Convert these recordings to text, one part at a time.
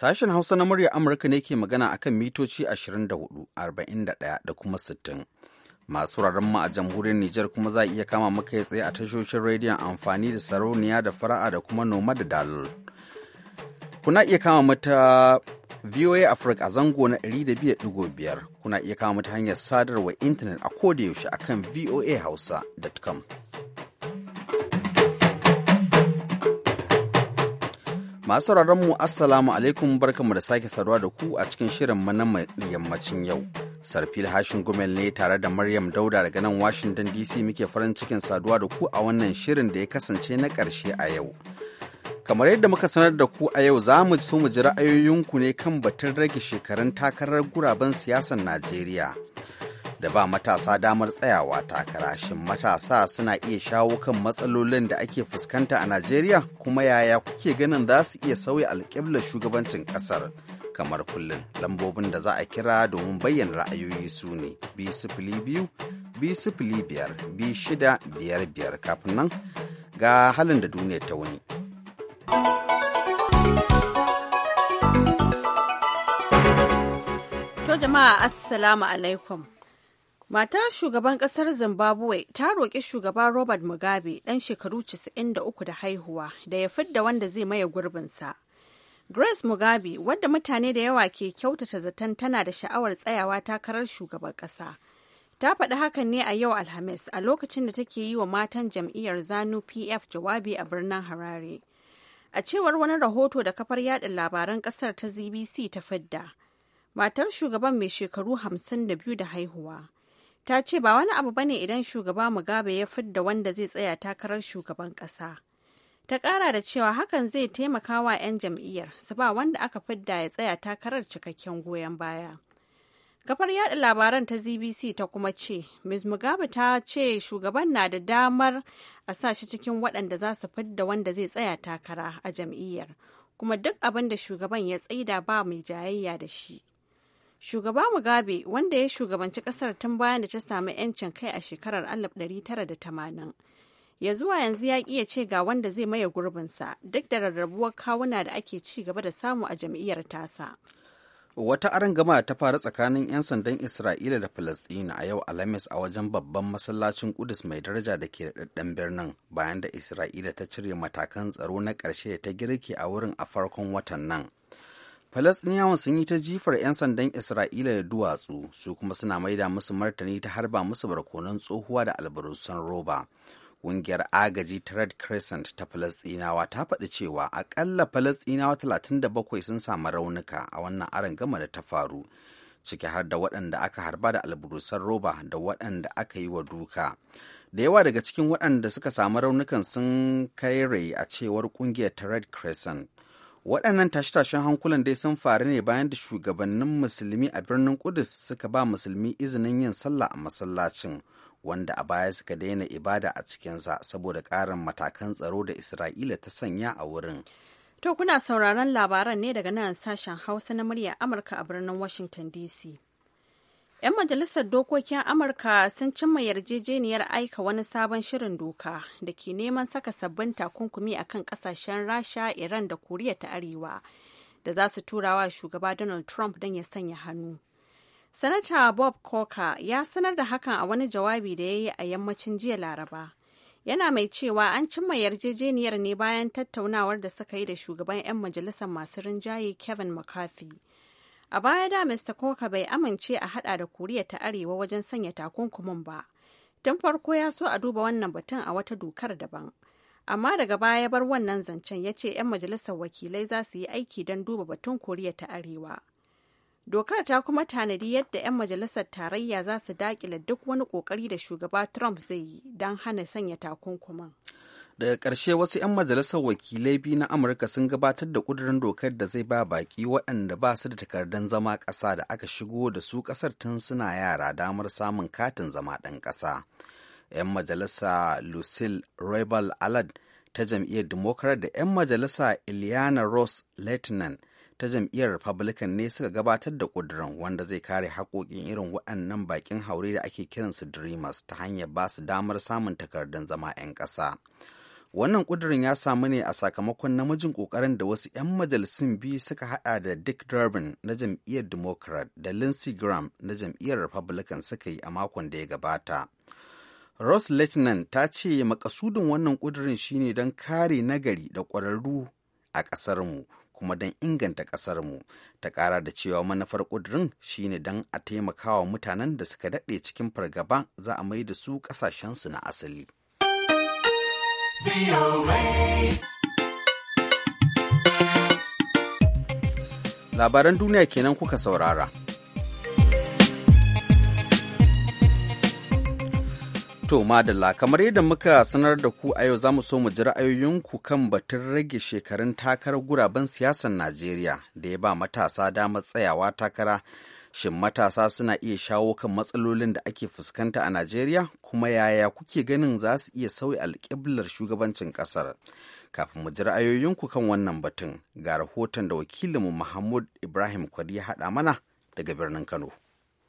Sashen Hausa na murya Amurka ne ke magana akan mitoci 24, 41 da kuma 60. Masu wuraren mu a jamhuriyar Nijar kuma za iya kama maka tsaye a tashoshin rediyon amfani da sarauniya da fara'a da kuma noma da dalil Kuna iya kama mata VOA Africa a zango na 200.5 kuna iya kama mata hanyar sadarwa intanet a kodayaushe akan voahausa.com. Masu mu Assalamu alaikum barkanmu da sake saduwa da ku a cikin shirin mana yammacin yau. Sarfil hashin gumel ne tare da Maryam Dauda daga nan Washington DC muke farin cikin saduwa da ku a wannan shirin da ya kasance na ƙarshe a yau. Kamar yadda muka sanar da ku a yau za mu so mu ji ra'ayoyinku ne kan batun rage shekarun takarar guraben siyasar Najeriya. da ba matasa damar tsayawa takara shin matasa suna iya shawo kan matsalolin da ake fuskanta a najeriya kuma yaya kuke ganin za su iya sauya alƙiblar shugabancin ƙasar kamar kullum lambobin da za a kira domin bayyana ra'ayoyi su ne biyu biyar shida biyar biyar kafin nan ga halin da duniya ta wuni. To jama'a assalamu alaikum. Matar shugaban kasar Zimbabwe ta roƙi shugaban Robert Mugabe ɗan shekaru 93 da haihuwa da ya fidda wanda zai maye gurbinsa. Grace Mugabe, wadda mutane da yawa ke kyautata zaton tana da sha'awar tsayawa takarar shugaban ƙasa. Ta faɗi hakan ne a yau Alhamis a lokacin da take yi wa matan jam'iyyar Zanu PF jawabi a birnin Harare. A cewar wani rahoto da kafar yada labaran ƙasar ta ZBC ta fidda, matar shugaban mai shekaru 52 da haihuwa. ta ce ba wani abu bane idan shugaba mugabe ya fidda wanda zai tsaya takarar shugaban Kasa, ta ƙara da cewa hakan zai taimaka wa 'yan jam'iyyar su ba wanda aka fidda ya tsaya takarar cikakken goyon baya kafar yada labaran ta zbc ta kuma ce ms mugabe ta ce shugaban na da damar a sa shi cikin waɗanda za su fidda wanda zai tsaya takara a jam'iyyar kuma duk abin da shugaban ya tsaida ba mai jayayya da shi Shugaba Mugabe wanda ya shugabanci kasar tun bayan da ta sami 'yancin kai a shekarar 1980. Ya zuwa yanzu ya iya ce ga wanda zai maye gurbinsa duk da rarrabuwar kawuna da ake ci gaba da samu a jam'iyyar tasa. Wata arangama ta faru tsakanin 'yan sandan Isra'ila da falasdina a yau Alhamis a wajen babban masallacin Kudus mai daraja da ke da birnin bayan da Isra'ila ta cire matakan tsaro na ƙarshe ta girki a wurin a farkon watan nan. Falasɗiniyawan sun yi ta jifar 'yan sandan Isra'ila da duwatsu, su kuma suna maida musu martani ta harba musu barkonon tsohuwa da albarusan roba. Ƙungiyar agaji ta Red Crescent ta Falasɗinawa ta faɗi cewa aƙalla Falasɗinawa 37 sun samu raunuka a wannan aron gama da ta faru, ciki har da waɗanda aka harba da albarusan roba da waɗanda aka yi wa duka. da yawa daga cikin waɗanda suka samu raunukan sun kai rai a cewar ƙungiyar ta Red Crescent. waɗannan tashe-tashen hankulan dai sun faru ne bayan da shugabannin musulmi a birnin kudus suka ba musulmi izinin yin sallah a masallacin wanda a baya suka daina ibada a cikinsa saboda ƙarin matakan tsaro da isra'ila ta sanya a wurin to kuna sauraron labaran ne daga nan sashen hausa na murya amurka a birnin washington dc 'Yan majalisar dokokin Amurka sun cimma yarjejeniyar aika wani sabon shirin doka da ke neman saka sabbin takunkumi a kan kasashen Rasha, Iran da Koriya ta Arewa da za su turawa shugaba Donald Trump don ya sanya hannu. Sanata Bob Corker ya sanar da hakan a wani jawabi da ya yi a yammacin jiya Laraba. Yana mai cewa an cimma yarjejeniyar ne bayan tattaunawar da suka yi da shugaban 'yan majalisar masu rinjaye Kevin McCarthy. A baya da Mr. Koka bai amince a hada da Koriya ta Arewa wajen sanya takunkumin ba. Tun farko ya so a duba wannan batun a wata dokar daban. Amma daga baya ya bar wannan zancen ya ce 'yan majalisar wakilai za su yi aiki don duba batun Koriya ta Arewa. Dokar ta kuma tanadi yadda 'yan majalisar tarayya za su dakile duk wani kokari da shugaba Trump zai yi don hana sanya takunkumin. daga ƙarshe wasu 'yan majalisar wakilai biyu na amurka sun gabatar da ƙudurin dokar da zai ba baƙi waɗanda ba su da takardun zama ƙasa da aka shigo da su ƙasar tun suna yara damar samun katin zama ɗan ƙasa 'yan majalisa lucille rebel alad ta jam'iyyar democrat da 'yan majalisa iliana ross letinan ta jam'iyyar republican ne suka gabatar da ƙudurin wanda zai kare haƙoƙin irin waɗannan baƙin haure da ake kiransu dreamers ta hanyar ba su damar samun takardun zama 'yan ƙasa. Wannan ƙudurin ya samu ne a sakamakon namijin ƙoƙarin da wasu 'yan majalisun biyu suka haɗa da Dick Durbin na jam'iyyar Democrat da Lindsey Graham na jam'iyyar Republican suka yi a makon da ya gabata. Ross Lechner ta ce makasudin wannan ƙudurin shine don kare nagari da ƙwararru a ƙasarmu kuma don inganta ƙasarmu ta ƙara da cewa manufar ƙudurin shine don a taimakawa mutanen da suka daɗe cikin fargaba za a mai da su ƙasashensu na asali. Labaran duniya kenan kuka saurara. To madalla kamar yadda muka sanar da ku a yau za mu so mu ji ra'ayoyinku kan batun rage shekarun takarar guraben siyasar Najeriya da ya ba matasa damar tsayawa takara Shin matasa suna iya shawo kan matsalolin da ake fuskanta a Najeriya kuma yaya kuke ganin za su iya sauya alƙiblar shugabancin ƙasar? Kafin mu ji ra'ayoyinku kan wannan batun ga rahoton da wakilinmu Mahmud Ibrahim Kwari ya haɗa mana daga birnin Kano.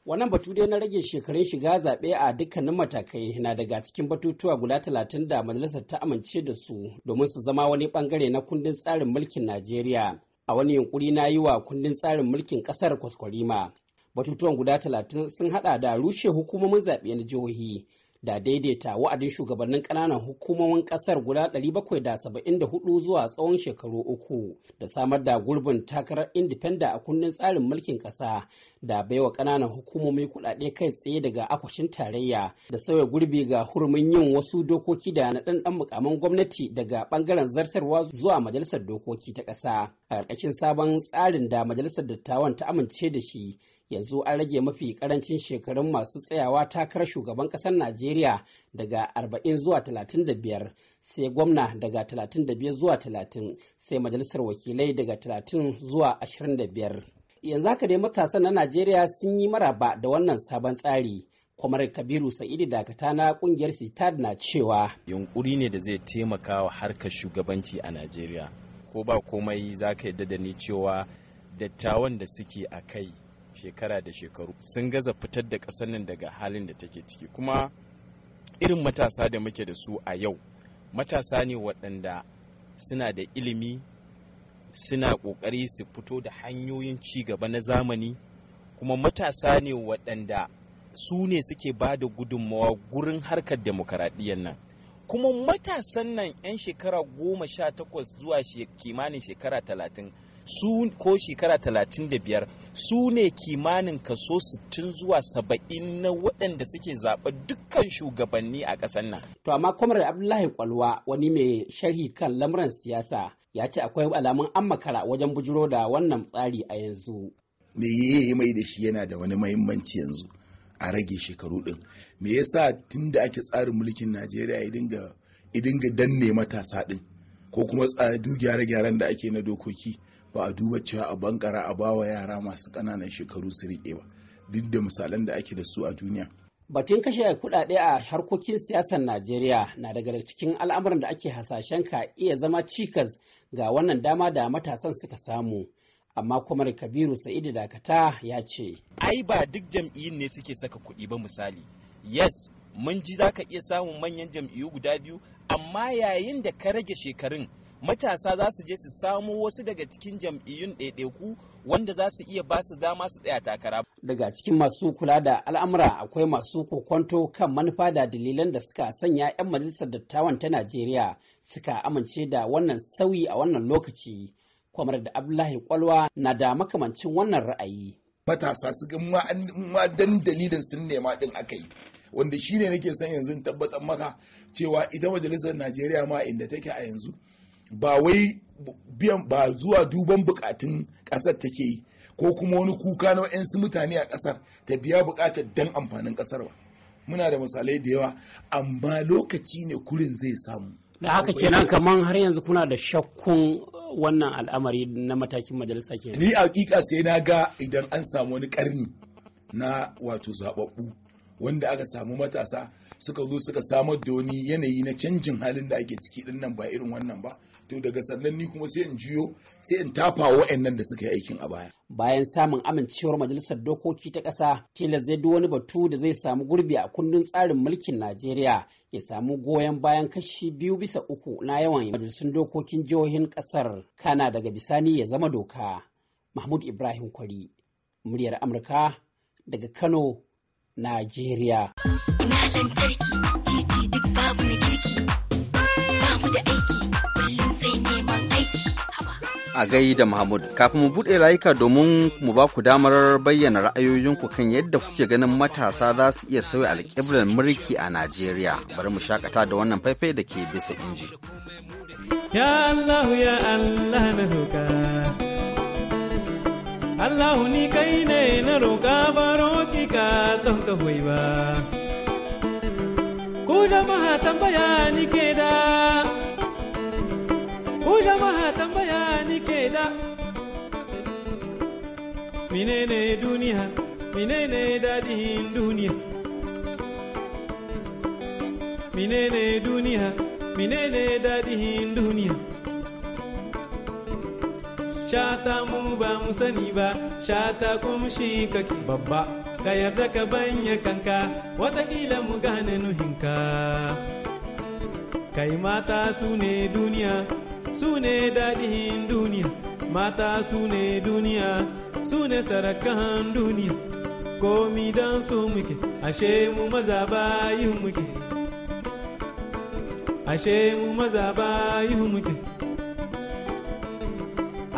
Wannan batu dai na rage shekarun shiga zaɓe a dukkanin matakai na daga cikin batutuwa guda talatin da majalisar ta amince da su domin su zama wani bangare na kundin tsarin mulkin Najeriya. A wani yunkuri na yi wa kundin tsarin mulkin ƙasar kwaskwarima batutuwan guda talatin sun hada da rushe hukumomin zaɓe na jihohi da daidaita wa'adin shugabannin ƙananan hukumomin ƙasar guda 774 zuwa tsawon shekaru uku da samar da gurbin takarar indifenda a kundin tsarin mulkin ƙasa da baiwa ƙananan hukumomi kuɗaɗe kai tsaye daga akwashin tarayya da sauya gurbi ga hurumin yin wasu dokoki da na ɗanɗan mukamin gwamnati daga ɓangaren zartarwa zuwa majalisar dokoki ta ƙasa a ƙarƙashin sabon tsarin da majalisar dattawan ta amince da shi yanzu an rage mafi karancin shekarun masu tsayawa takarar shugaban ƙasar najeriya daga 40 zuwa 35 sai gwamna daga 35 zuwa 30 sai majalisar wakilai daga 30 zuwa 25 yanzu haka dai matasan na najeriya sun yi maraba da wannan sabon tsari kwamar kabiru sa'idu dakata na kungiyar sitad na cewa yunkuri ne da zai taimaka wa harkar shugabanci a najeriya ko ba komai za ka yadda da ni cewa dattawan da suke a kai shekara da shekaru sun gaza fitar da ƙasar nan daga halin da take ciki kuma irin matasa da muke da su a yau matasa ne waɗanda suna da ilimi suna ƙoƙari su fito da hanyoyin ci gaba na zamani kuma matasa ne waɗanda su ne suke ba da gudunmawa gurin harkar demokaradiyyar nan kuma matasan nan 'yan shekara goma sha takwas zuwa kimanin shekara talatin su ko shekara 35 su ne kimanin kaso 60 zuwa saba'in na waɗanda suke zaɓa dukkan shugabanni a ƙasar nan. To amma kwamar Abdullahi Kwalwa wani mai sharhi kan lamuran siyasa ya ce akwai alamun an makara wajen bujiro da wannan tsari a yanzu. Me yi mai da shi yana da wani mahimmanci yanzu a rage shekaru ɗin. Me yasa tun da ake tsarin mulkin Najeriya ya dinga danne matasa ɗin ko kuma gyare gyaren da ake na dokoki. ba a duba cewa a bankara a bawa yara masu ƙananan shekaru su riƙe ba duk da misalan da ake da su a duniya Batun kashe kuɗaɗe a harkokin siyasar Najeriya na daga cikin al'amuran da ake hasashen ka iya zama cikas ga wannan dama da matasan suka samu. Amma kuma Kabiru Sa'idu Dakata ya ce. Ai ba duk jam'iyyun ne suke saka kuɗi ba misali. Yes, mun ji za ka iya samun manyan jam'iyyu guda biyu, amma yayin da ka rage shekarun matasa za su je su samo wasu daga cikin jam'iyyun ɗaiɗaiku wanda za su iya ba su dama su tsaya takara. Daga cikin masu kula da al'amura akwai masu kokonto kan manufa da dalilan da suka sanya 'yan majalisar dattawan ta Najeriya suka amince da wannan sauyi a wannan lokaci. Kwamar da Abdullahi Kwalwa na da makamancin wannan ra'ayi. Matasa su ga ma dan dalilin sun nema din aka yi. Wanda shine nake son yanzu tabbatar maka cewa ita majalisar Najeriya ma inda take a yanzu. ba wai biyan ba zuwa duban bukatun kasar take yi ko kuma wani kuka na wa'yansu mutane a kasar ta biya bukatar dan amfanin kasar ba muna da misalai da yawa amma lokaci ne kurin zai samu da haka kenan kamar har yanzu kuna da shakkun wannan al'amari na matakin majalisa ke ni a sai na ga idan an samu wani karni na wato zababbu wanda aka samu matasa suka zo suka samar da wani yanayi na canjin halin da ake ciki din nan ba irin wannan ba to daga sannan ni kuma sai in juyo sai in tafa wa'annan da suka yi aikin a baya bayan samun amincewar majalisar dokoki ta ƙasa tilas zai wani batu da zai samu gurbi a kundin tsarin mulkin najeriya ya samu goyon bayan kashi biyu bisa uku na yawan majalisun dokokin jihohin ƙasar kana daga bisani ya zama doka mahmud ibrahim kwari muryar amurka daga kano Najeriya. Ina A gai da Mahmud, kafin mu buɗe layuka domin mu ba ku damar bayyana ra'ayoyinku kan yadda kuke ganin matasa za su iya sauya alƙiblar mulki a Najeriya. Bari mu shakata da wannan faifai da ke bisa inji. Ya Allah ya Allah na hukar. Allah ni kai ne na roƙa baro ki ka don ka hoyi ba. Ku jama'a tambaya ni ke da, ku jama'a tambaya ni ke da. Menene duniya, menene daɗin duniya. Menene duniya, menene daɗin duniya. shata mu ba mu sani ba shata kuma shi kake babba ka yarda ka banya kanka watakila mu gane nuhinka kai mata su ne duniya su ne daɗin duniya mata su ne duniya su ne sarakan duniya komi don su muke ashe mu maza bayin muke ashe mu maza bayin muke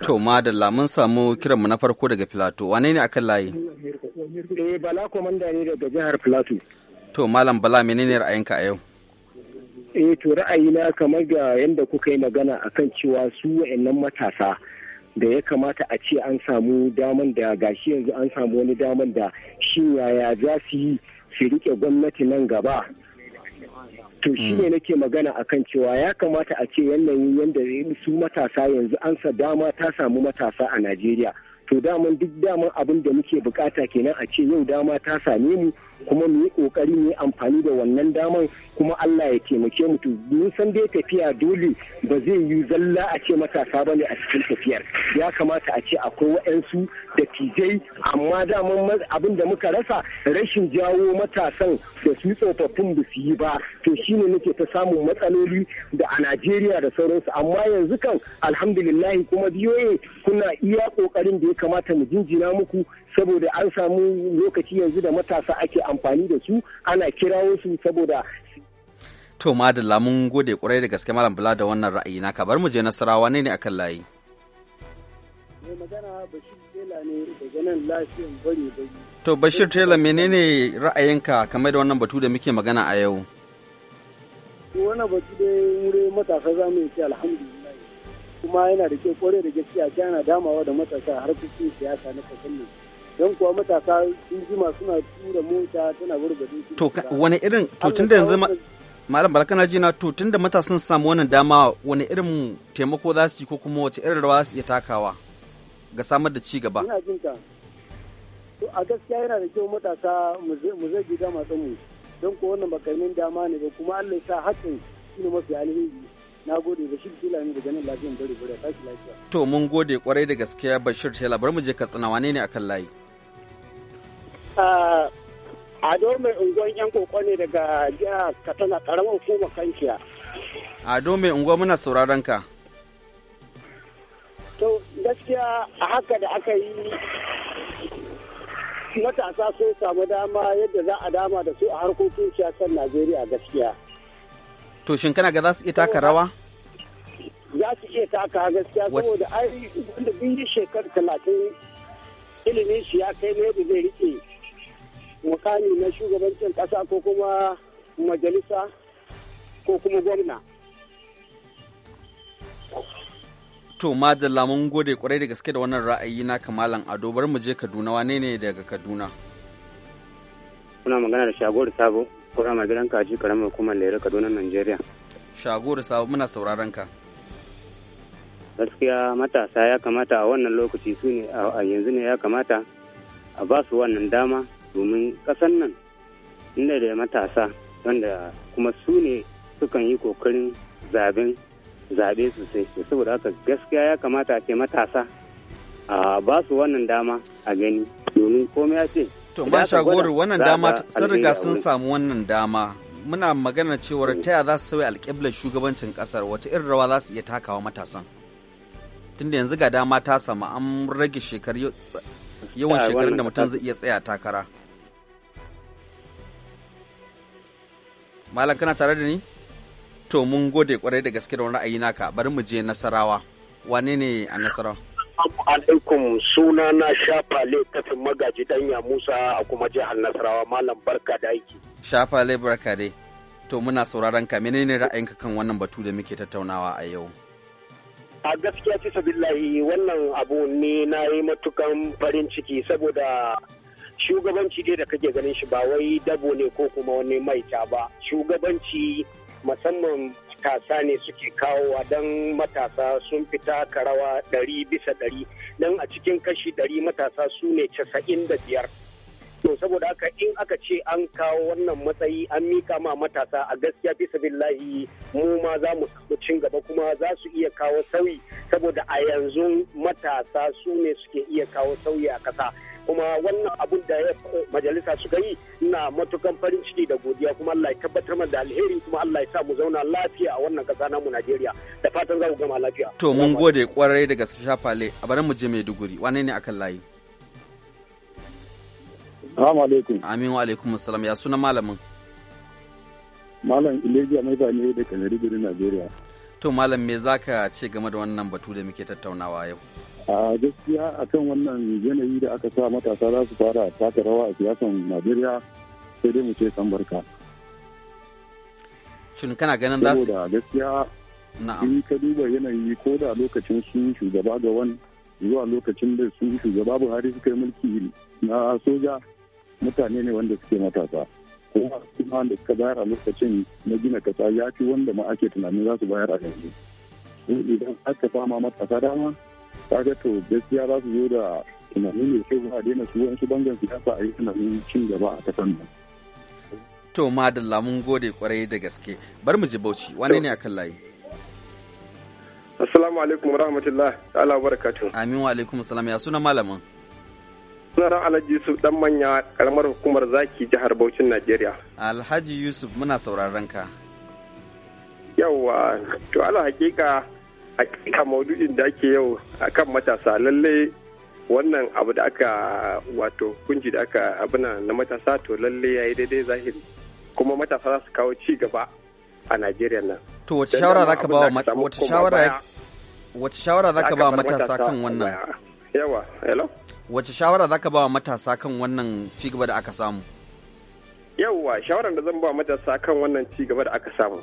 Amurka. To madalla mun samu kiranmu na farko daga Filato. Wane ne akan layi? Eh Bala komanda ne daga jihar Filato. To malam Bala menene ra'ayinka a yau? Eh to ra'ayina kamar ga yadda kuka yi magana a kan cewa su wa'annan matasa da ya kamata a ce an samu daman da gashi yanzu an samu wani daman da shi yaya za su yi su rike gwamnati nan gaba. to shi ne mm. nake magana akan cewa ya kamata a ce yanayin yadda su matasa yanzu an sa dama ta samu matasa a najeriya to daman duk daman abin da muke bukata kenan a ce yau dama ta same mu kuma mu yi kokari mu yi amfani da wannan daman kuma Allah ya taimake mu to mun san dai tafiya dole ba zai yi zalla a ce matasa bane a cikin tafiyar ya kamata a ce akwai wa'ansu da tijai amma daman abin da muka rasa rashin jawo matasan da su tsofaffin da su yi ba to shine nake ta samun matsaloli da a Najeriya da sauransu amma yanzu kan alhamdulillah kuma biyoye kuna iya kokarin da ya kamata mu jinjina muku saboda an samu lokaci yanzu da matasa ake amfani da su ana kirawo su saboda to madalla mun gode kurai da gaske malam bula da wannan ra'ayi na bar mu je nasarawa ne ne akan layi mai magana bashir tela ne lafiyan bari bari to bashir tela menene ra'ayinka kamar da wannan batu da muke magana a yau wannan batu da wuri matasa za mu yi alhamdulillah kuma yana da kyau kore da gaskiya yana damawa da matasa har kusur siyasa na kasan nan don kuwa matasa sun jima suna tura mota tana gurgudu to wani irin to tunda yanzu malam barkana ji na to tunda matasan samu wannan dama wani irin taimako za su yi ko kuma wace irin rawa su iya takawa ga samar da ci gaba ina jin ka to a gaskiya yana da kyau matasa mu zai gida masu mu don kuwa wannan bakarmin dama ne ba kuma Allah ya sa hakan shine mafi alheri na gode bashir tela ne daga nan lafiyan bare bare tashi lafiya to mun gode kwarai da gaskiya bashir tela bari mu je katsina wane ne akan layi Ado mai unguwan yan koko ne daga jihar Katsina karamar hukumar A Ado mai unguwa muna sauraron ka. To gaskiya a haka da aka yi matasa so samu dama yadda za a dama da su a harkokin siyasar Najeriya gaskiya. To shin kana ga za su iya taka rawa? Za su iya taka gaskiya saboda ai wanda bin shekaru talatin ilimin shi ya kai ne da zai rike mukami na shugabancin kasa ko kuma majalisa ko kuma gwamna. To madalla mun gode kwarai da gaske da wannan ra'ayi na kamalan ado bar mu je Kaduna wane ne daga Kaduna? Kuna magana da Shagoru Sabo, kura mai gidan kaji karamar hukumar lera Kaduna Najeriya. Shagoru Sabo muna sauraron ka. Gaskiya matasa ya kamata a wannan lokaci su ne a yanzu ne ya kamata a ba su wannan dama domin kasan nan inda da matasa wanda kuma su ne sukan yi kokarin zaben zaɓe sosai saboda haka gaskiya ya kamata a ce matasa a ba su wannan dama a gani domin komai ya ce to ma shagoru wannan dama sun riga sun samu wannan dama muna magana cewar ta yaya za su sauya alƙiblar shugabancin ƙasar wace irin rawa za su iya takawa matasan tunda yanzu ga dama ta samu an rage yawan shekarun da mutum zai iya tsaya takara malam kana tare da ni to mun gode kwarai da gaske da wani ra'ayi naka bari mu je nasarawa wane ne a nasarawa alaikum suna na shafale kafin magaji danya musa a kuma jihar nasarawa malam barka da aiki shafale barka dai to muna sauraron ka menene ra'ayinka kan wannan batu da muke tattaunawa a yau a gaskiya ce sabillahi wannan abu ne na yi matukan farin ciki saboda shugabanci dai da kake ganin shi ba wai dabo ne ko kuma wani maita ba shugabanci musamman matasa ne suke kawowa don matasa sun fita karawa ɗari bisa ɗari don a cikin kashi ɗari matasa su ne casa'in da biyar to saboda haka in aka ce an kawo wannan matsayi an mika ma matasa a gaskiya bisa billahi mu ma za mu cin gaba kuma za su iya kawo sauyi saboda a yanzu matasa su ne suke iya kawo sauyi a ƙasa kuma wannan abun da ya majalisa suka yi na matukan farin ciki da godiya kuma Allah ya tabbatar mana da alheri kuma Allah ya sa mu zauna lafiya a wannan kasa namu Najeriya da fatan za mu gama lafiya to mun gode kwarai da gaske shafale a bari mu je Maiduguri wane ne akan layi Assalamu alaikum Amin wa alaikum assalam ya suna malamin Malam mai Amaiba da Kanari Maiduguri Najeriya To malam me zaka ce game da wannan batu da muke tattaunawa yau? a gaskiya akan wannan yanayi da aka sa matasa za su fara taka rawa a siyasan najeriya sai dai mu ce san barka shin kana ganin za su gaskiya in ka duba yanayi ko da lokacin su shugaba ga wani zuwa lokacin da su shugaba buhari suka yi mulki na soja mutane ne wanda suke matasa ko kuma wanda suka bayar a lokacin na gina kasa ya fi wanda ma ake tunanin za su bayar a yanzu idan aka fama matasa dama kaga to gaskiya za su zo da tunani ne sai ba daina su wani bangan siyasa a yi tunanin cin gaba a kasan nan. To madalla mun gode kwarai da gaske bar mu ji bauchi wani ne akan layi. Assalamu alaikum rahmatullah wa barakatu. Amin wa alaikum salam ya suna malamin. Sunan Alhaji Yusuf dan manya karamar hukumar zaki jihar Bauchin Najeriya. Alhaji Yusuf muna sauraron ka. Yawwa to ala hakika hakika maudu'in da ake yau akan matasa lalle wannan abu da aka wato kunji da aka abuna na matasa to lalle yi daidai zahiri kuma matasa za su kawo ci gaba a Najeriya nan to wace shawara ka ba wa wace shawara wace shawara ba matasa kan wannan yawa hello wace shawara ka ba wa matasa kan wannan ci gaba da aka samu yawa shawaran da zan ba matasa kan wannan ci gaba da aka samu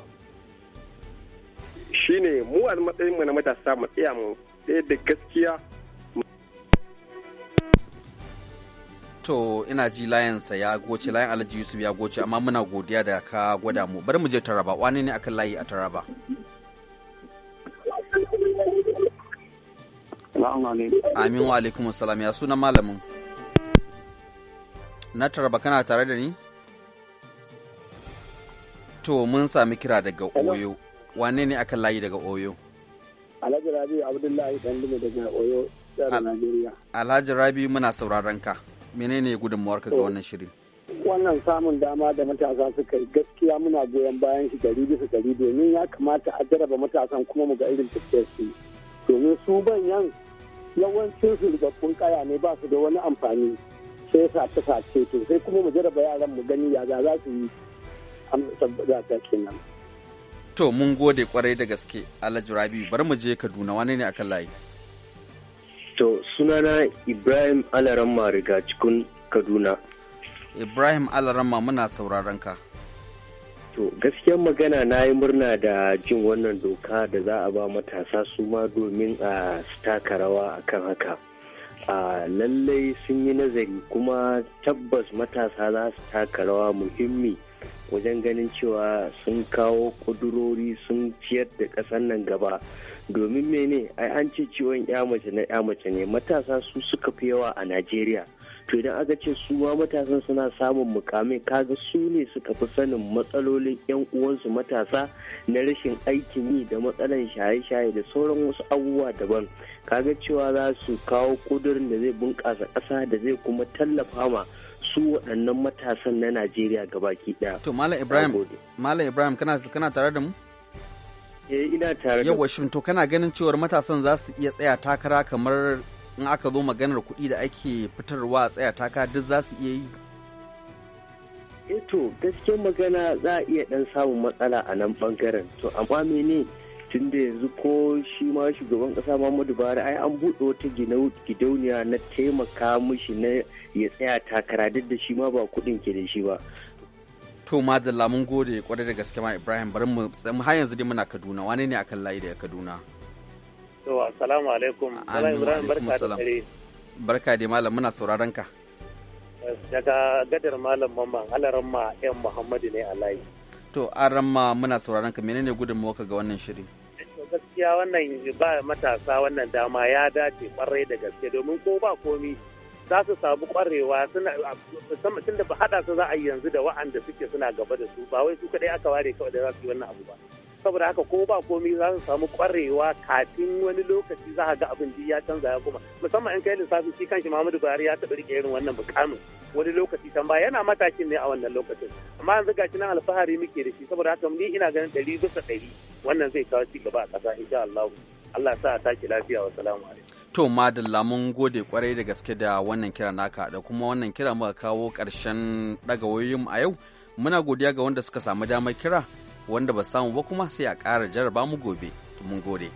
shine mu a matsayin mu na matasa mu tsaya mu tsaye da gaskiya to ina ji layansa ya goce layan alhaji yusuf ya goce amma muna godiya da ka gwada mu bari mu je taraba wani ne akan layi a taraba amin wa alaikum salam ya sunan malamin na taraba kana tare da ni to mun sami kira daga oyo wane ne aka layi daga oyo alhaji rabi abdullahi dandumi daga oyo jihar najeriya alhaji rabi muna sauraron ka menene ka ga wannan shirin wannan samun dama da matasa suka yi gaskiya muna goyon bayan shi gari bisa gari domin ya kamata a jaraba matasan kuma mu ga irin tafiyar su domin su banyan yawancin su rigabbun kaya ne ba su da wani amfani sai sa ta sace to sai kuma mu jaraba yaran mu gani ya za su yi amsa da ta kenan. To mun gode kwarai da gaske Alhaji Rabi bari mu je Kaduna wane ne akan layi? To sunana Ibrahim Alaramma riga cikin Kaduna. Ibrahim Alaramma muna sauraron ka. To gaskiyar magana na yi murna da jin wannan doka da za a ba matasa su ma domin a taka rawa akan haka. A lallai sun yi nazari kuma tabbas matasa za su taka rawa muhimmi wajen ganin cewa sun kawo kudurori sun ciyar da ƙasar nan gaba domin mene ai an ce ciwon ya mace na ya mace ne matasa su suka fi yawa a najeriya to idan aka ce su ma matasan suna samun mukamai kaga su ne suka fi sanin matsalolin yan uwansu matasa na rashin aikin yi da matsalan shaye-shaye da sauran wasu abubuwa daban kaga cewa za su kawo kudurin da zai bunƙasa ƙasa da zai kuma tallafa ma su waɗannan matasan na Najeriya gabaki ɗaya. To Malam Ibrahim, Malam Ibrahim kana kana tare da mu? Eh ina tare Yau Yawwa to kana ganin cewar matasan za su iya tsaya takara kamar in aka zo maganar kuɗi da ake fitarwa a tsaya takara duk za su iya yi? Eh to gaskiyar magana za a iya ɗan samun matsala a nan ɓangaren to amma mene da yanzu ko shi ma shugaban kasa Muhammadu Buhari ai an buɗe wata gidauniya na taimaka mishi na ya tsaya takara duk da shi ma ba kuɗin ke da shi ba. To madalla mun gode kwarai da gaske ma Ibrahim bari mu har yanzu dai muna Kaduna wane ne akan layi da Kaduna? To assalamu alaikum. Ibrahim barka da dare. Barka dai malam muna sauraron ka. Daga gadar malam mamman alaran ma 'yan Muhammadu ne a layi. to ma muna sauraron ka menene ka ga wannan shiri gaskiya wannan ba matasa wannan dama ya dace kwarai da gaske domin ko ba komi za su samu kwarewa tunda ba haɗa su za a yi yanzu da wa'anda suke suna gaba da su ba wai su kaɗai aka ware kawai da za su yi wannan abu ba saboda haka ko ba komai za su samu kwarewa kafin wani lokaci za a ga abin ya canza ya kuma musamman in kai lissafin shi kanshi Muhammadu Buhari ya taɓa rike irin wannan bukamin wani lokaci can baya yana matakin ne a wannan lokacin amma yanzu ga shi nan alfahari muke da shi saboda haka ni ina ganin ɗari bisa ɗari wannan zai kawo ci gaba a ƙasa insha Allah Allah sa a tashi lafiya wa salamu alaikum to madalla mun gode kwarai da gaske da wannan kira naka da kuma wannan kira muka kawo ƙarshen ɗaga wayoyin a yau muna godiya ga wanda suka samu damar kira wanda ba samu ba kuma sai a ƙara jarraba mu gobe mun gode.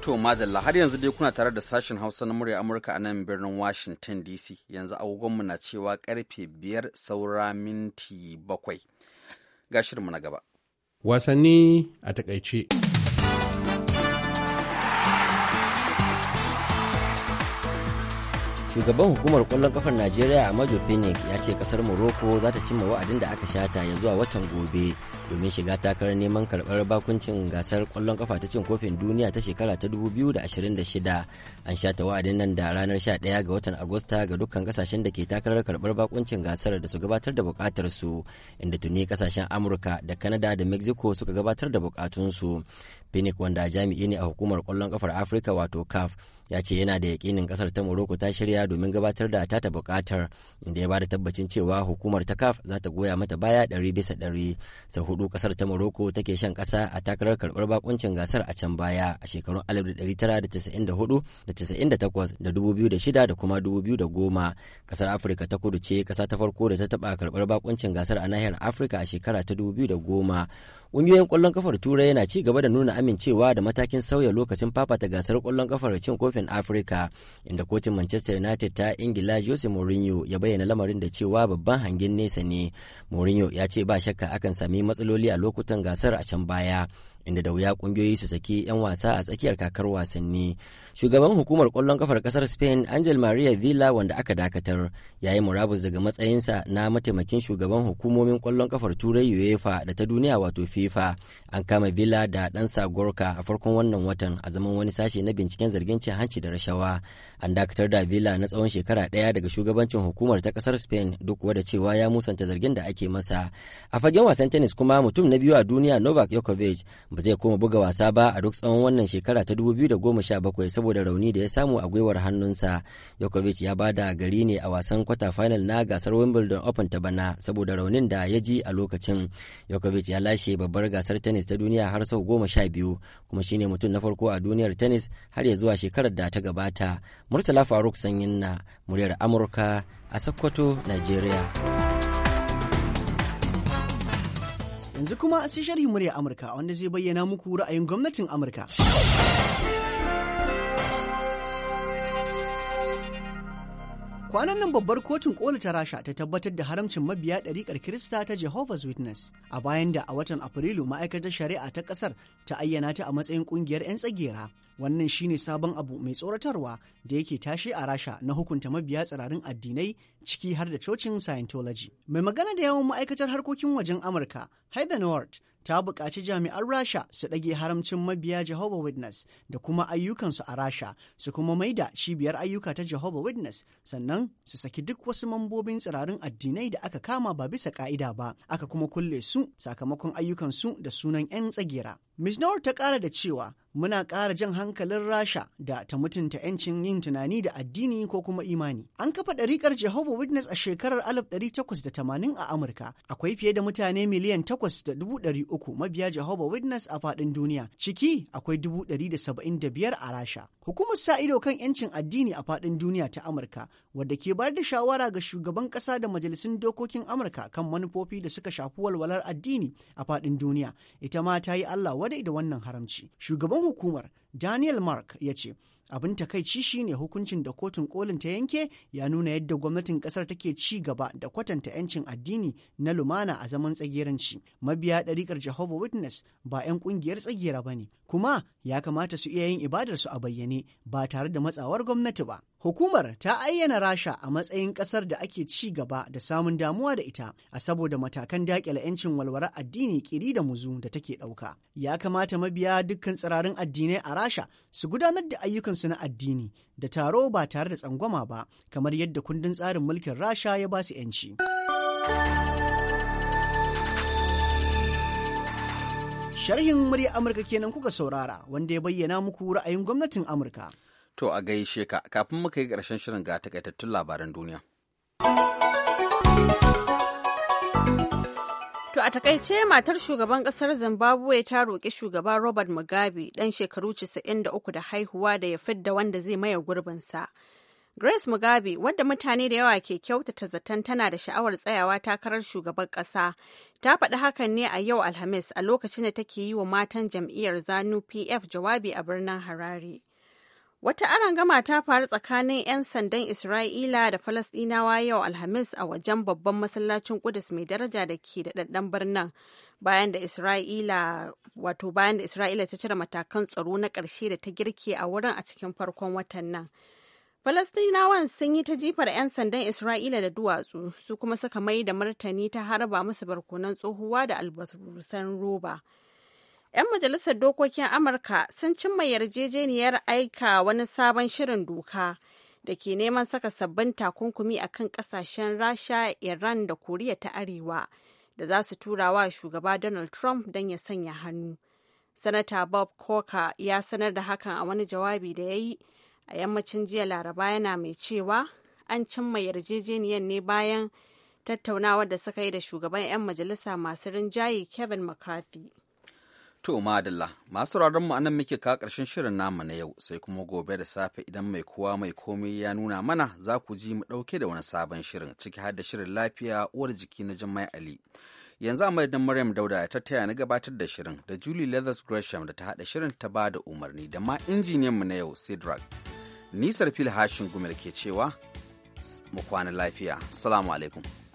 To madalla har yanzu dai kuna tare da sashen Hausa na murya Amurka a nan birnin Washington DC yanzu agogonmu na cewa karfe biyar saura minti bakwai. Ga shirinmu na gaba. Wasanni a takaice. shugaban hukumar kwallon kafar najeriya a majo phoenix ya ce kasar morocco za ta cimma wa'adin da aka shata ya zuwa watan gobe domin shiga takarar neman karbar bakuncin gasar kwallon kafa ta cin kofin duniya ta shekara ta 2026 an sha ta wa'adin nan da ranar 11 ga watan agusta ga dukkan kasashen da ke takarar karbar bakuncin gasar da su gabatar da bukatar su inda tuni kasashen amurka da kanada da mexico suka gabatar da bukatunsu phoenix wanda jami'i ne a hukumar kwallon kafar afirka wato caf ya ce yana da yakinin kasar ta morocco ta shirya domin gabatar da tata bukatar inda ya bada tabbacin cewa hukumar ta caf za ta goya mata baya ɗari bisa ɗari sau hudu kasar ta morocco take shan kasa a takarar karbar bakuncin gasar a can baya a shekarun 1994 da 1998 da 2006 da kuma 2010 kasar afirka ta kudu ce kasa ta farko da ta taba karbar bakuncin gasar a nahiyar afirka a shekara ta 2010 ƙungiyoyin ƙwallon kafar turai yana ci gaba da nuna amincewa da matakin sauya lokacin fafata gasar ƙwallon kafar cin kofin afirka inda kotun manchester united ta ingila jose mourinho ya bayyana lamarin da cewa babban hangen nesa ne mourinho ya ce ba shakka akan sami matsaloli a lokutan gasar a can baya inda da wuya kungiyoyi su saki 'yan wasa a tsakiyar kakar wasanni shugaban hukumar kwallon kafar kasar spain angel maria villa wanda aka dakatar ya yi murabus daga matsayinsa na mataimakin shugaban hukumomin kwallon kafar turai uefa da ta duniya wato fifa an kama villa da ɗansa gorka a farkon wannan watan a zaman wani sashe na binciken zargin cin hanci da rashawa an dakatar da villa na tsawon shekara ɗaya daga shugabancin hukumar ta kasar spain duk da cewa ya musanta zargin da ake masa a fagen wasan tennis kuma mutum na biyu a duniya novak djokovic ba zai koma buga wasa ba a duk tsawon wannan shekara ta 2017 saboda rauni da ya samu a gwiwar hannunsa Djokovic ya bada gari ne a wasan kwata final na gasar Wimbledon Open ta bana saboda raunin da ya ji a lokacin Djokovic ya lashe babbar gasar tennis ta duniya har sau goma sha biyu kuma shine mutum na farko a duniyar tennis har ya zuwa shekarar da ta gabata Murtala Faruk Sanyin na muryar Amurka a Sokoto, Nigeria. Yanzu kuma sai sharhi murya Amurka wanda zai bayyana muku ra'ayin gwamnatin Amurka. Kwanan nan babbar kotun koli ta Rasha ta tabbatar da haramcin mabiya ɗariƙar Kirista ta Jehovah's Witness a bayan da a watan Afrilu ma'aikatar shari'a ta ƙasar ta ayyana ta a matsayin ƙungiyar 'yan tsagera. Wannan shine sabon abu mai tsoratarwa da yake tashe a Rasha na hukunta mabiya tsirarin addinai ciki har da cocin Scientology. Mai magana da yawan ma'aikatar harkokin wajen Amurka, Heather ta buƙaci jami'an Rasha su ɗage haramcin mabiya Jehovah Witness da kuma ayyukansu a Rasha su kuma maida cibiyar ayyuka ta Jehovah Witness sannan su saki duk wasu mambobin tsirarin addinai da aka kama ba bisa ƙa'ida ba aka kuma kulle su sakamakon ayyukansu da sunan 'yan tsagera. Misinawar ta ƙara da cewa muna ƙara jan hankalin Rasha da ta mutunta 'yancin yin tunani da addini ko kuma imani. An kafa ɗariƙar Jehovah Witness a shekarar 1880 a Amurka. Akwai fiye da mutane miliyan 8,300 mabiya Jehovah Witness a faɗin duniya. Ciki akwai 175 a Rasha. Hukumar sa ido kan 'yancin addini a faɗin duniya ta Amurka wadda ke bayar da shawara ga shugaban ƙasa da majalisun dokokin Amurka kan manufofi da suka shafi walwalar addini a faɗin duniya. Ita ma ta yi Allah wadai da wannan haramci. Shugaban hukumar Daniel Mark ya ce, abin takaici shine hukuncin da kotun kolin ta yanke ya nuna yadda gwamnatin kasar take ci gaba da kwatanta 'yancin addini na lumana a zaman tsagiranci mabiya ɗariƙar jehovah witness ba 'yan ƙungiyar tsagira ba ne kuma ya kamata su iya yin ibadarsu a bayyane ba tare da matsawar gwamnati ba Hukumar ta ayyana Rasha a matsayin ƙasar da ake ci gaba da samun damuwa da ita a saboda matakan daƙile 'yancin walwarar addini kiri da muzu da take ɗauka. Ya kamata mabiya dukkan tsirarin addinai a Rasha su gudanar da ayyukansu na addini da taro ba tare da tsangwama ba kamar yadda kundin tsarin mulkin Rasha ya ba su 'yanci. Sharhin murya Amurka kenan kuka saurara wanda ya bayyana muku ra'ayin gwamnatin Amurka. To a gaishe ka kafin muka yi ƙarshen shirin ga takaitattun labaran duniya. To a takaice matar shugaban kasar Zimbabwe ta roƙi shugaba Robert Mugabe ɗan shekaru 93 da haihuwa da ya fidda wanda zai maye gurbinsa. Grace Mugabe wadda mutane da yawa ke kyauta ta zaton tana da sha'awar tsayawa takarar shugaban ƙasa ta faɗi hakan ne a yau Alhamis a lokacin da take yi wa matan jam'iyyar Zanu PF jawabi a birnin Harare. Wata gama ta faru tsakanin 'yan sandan Isra'ila da Falasɗinawa yau Alhamis a wajen babban masallacin Kudus mai daraja da ke daɗaɗɗen birnin bayan da Isra'ila wato bayan da Isra'ila ta cire matakan tsaro na ƙarshe da ta girke a wurin a cikin farkon watan nan. Falasɗinawan sun yi ta jifar 'yan sandan Isra'ila da duwatsu su kuma suka mai da martani ta harba musu barkunan tsohuwa da albarusan roba. 'Yan majalisar dokokin Amurka sun cimma yarjejeniyar aika wani sabon shirin doka da ke neman saka sabbin takunkumi a kan kasashen Rasha, Iran da Koriya ta Arewa da za su tura wa shugaba Donald Trump don ya sanya hannu. Sanata Bob Corker ya sanar da hakan a wani jawabi da ya yi a yammacin jiya Laraba yana mai cewa an cimma yarjejeniyar ne bayan tattaunawar da suka yi da shugaban 'yan majalisa masu rinjaye Kevin McCarthy. To madalla masu mu anan muke ka ƙarshen shirin namu na yau sai kuma gobe da safe idan mai kowa mai komai ya nuna mana za ku ji mu ɗauke da wani sabon shirin ciki har da shirin lafiya uwar jiki na Jummai Ali. Yanzu a madadin Maryam Dauda ta taya na gabatar da shirin da Julie Leathers Gresham da ta haɗa shirin ta ba da umarni da ma injiniyan mu na yau Sidrak. Nisar Fil Hashin Gumel ke cewa mu kwana lafiya. Salamu alaikum.